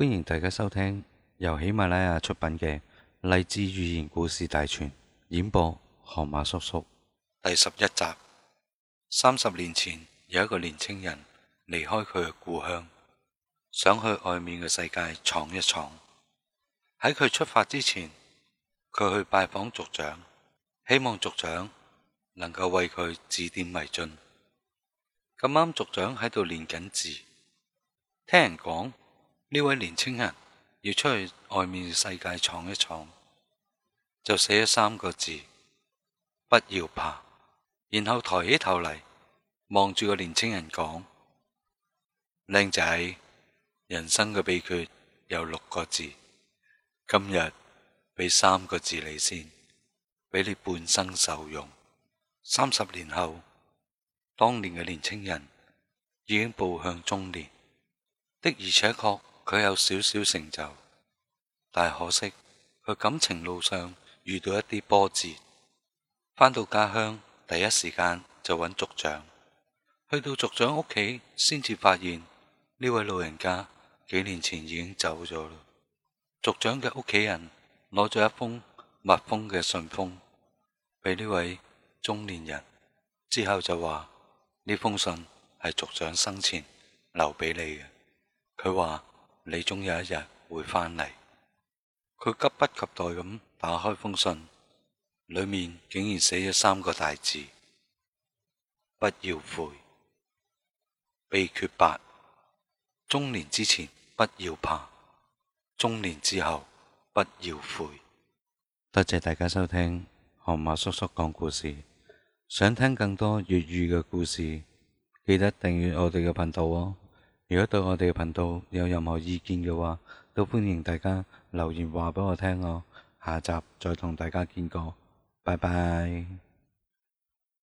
歡迎大家收聽由喜馬拉雅出品嘅《勵志寓言故事大全》，演播河馬叔叔，第十一集。三十年前，有一個年青人離開佢嘅故鄉，想去外面嘅世界闖一闖。喺佢出發之前，佢去拜訪族長，希望族長能夠為佢指點迷津。咁啱，族長喺度練緊字，聽人講。呢位年青人要出去外面世界闖一闖，就寫咗三個字：不要怕。然後抬起頭嚟望住個年青人講：靚仔，人生嘅秘訣有六個字，今日俾三個字你先，俾你半生受用。三十年後，當年嘅年青人已經步向中年，的而且確。佢有少少成就，但係可惜佢感情路上遇到一啲波折。返到家鄉，第一時間就揾族長。去到族長屋企，先至發現呢位老人家幾年前已經走咗啦。族長嘅屋企人攞咗一封密封嘅信封，俾呢位中年人，之後就話呢封信係族長生前留俾你嘅。佢話。你總有一日會返嚟。佢急不及待咁打開封信，裏面竟然寫咗三個大字：不要悔、秘訣八，中年之前不要怕，中年之後不要悔。多謝大家收聽河馬叔叔講故事。想聽更多粵語嘅故事，記得訂閱我哋嘅頻道哦。如果對我哋頻道有任何意見嘅話，都歡迎大家留言話畀我聽哦。下集再同大家見過，拜拜。